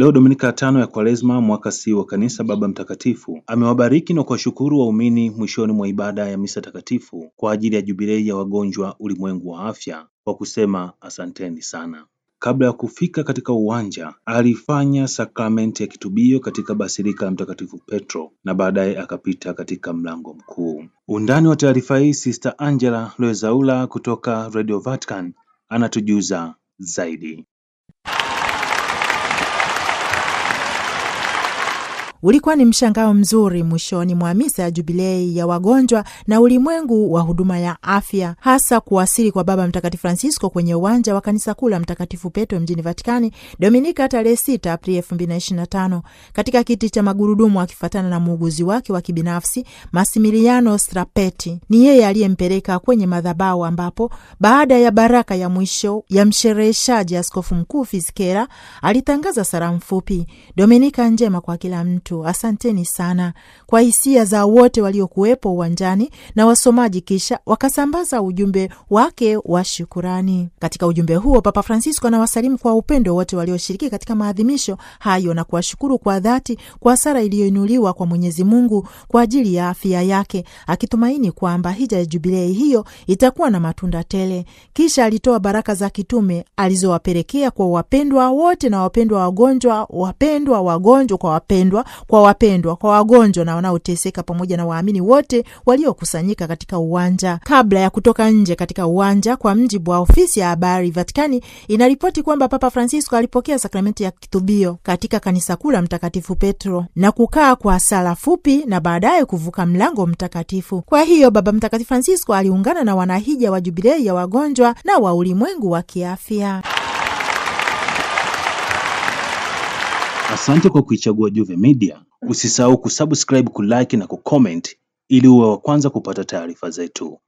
Leo Dominika ya tano ya Kwaresma, mwaka C wa Kanisa, Baba Mtakatifu amewabariki na kuwashukuru waumini mwishoni mwa ibada ya misa takatifu kwa ajili ya jubilei ya wagonjwa ulimwengu wa afya kwa kusema asanteni sana. Kabla ya kufika katika uwanja alifanya sakramenti ya kitubio katika basilika ya Mtakatifu Petro na baadaye akapita katika mlango mkuu. Undani wa taarifa hii, Sister Angela loezaula kutoka Radio Vatican anatujuza zaidi. Ulikuwa ni mshangao mzuri mwishoni mwa misa ya jubilei ya wagonjwa na ulimwengu wa huduma ya afya, hasa kuwasili kwa Baba Mtakatifu Francisco kwenye uwanja wa kanisa kuu la Mtakatifu Petro mjini Vatikani Dominika tarehe 6 Aprili 2025 katika kiti cha magurudumu akifuatana na muuguzi wake wa kibinafsi Masimiliano Strapeti. Ni yeye aliyempeleka kwenye madhabahu, ambapo baada ya baraka ya mwisho ya mshereheshaji Askofu Mkuu Fiskera alitangaza salamu fupi, Dominika njema kwa kila mtu wetu. Asanteni sana kwa hisia za wote waliokuwepo uwanjani na wasomaji, kisha wakasambaza ujumbe wake wa shukurani. Katika ujumbe huo, Papa Francisco anawasalimu kwa upendo wote walioshiriki katika maadhimisho hayo na kuwashukuru kwa dhati kwa sara iliyoinuliwa kwa Mwenyezi Mungu kwa ajili ya afya yake, akitumaini kwamba hija ya jubilei hiyo itakuwa na matunda tele. Kisha alitoa baraka za kitume alizowapelekea kwa wapendwa wote na wapendwa wagonjwa, wapendwa wagonjwa kwa wapendwa kwa wapendwa, kwa wagonjwa na wanaoteseka, pamoja na waamini wote waliokusanyika katika uwanja. Kabla ya kutoka nje katika uwanja, kwa mjibu wa ofisi ya habari Vatikani, inaripoti kwamba Papa Francisco alipokea sakramenti ya kitubio katika kanisa kuu la Mtakatifu Petro na kukaa kwa sala fupi na baadaye kuvuka mlango mtakatifu. Kwa hiyo Baba Mtakatifu Francisco aliungana na wanahija wa Jubilei ya wagonjwa na wa ulimwengu wa kiafya. Asante kwa kuichagua Juve Media. Usisahau kusubscribe, kulike na kucomment ili uwe wa kwanza kupata taarifa zetu.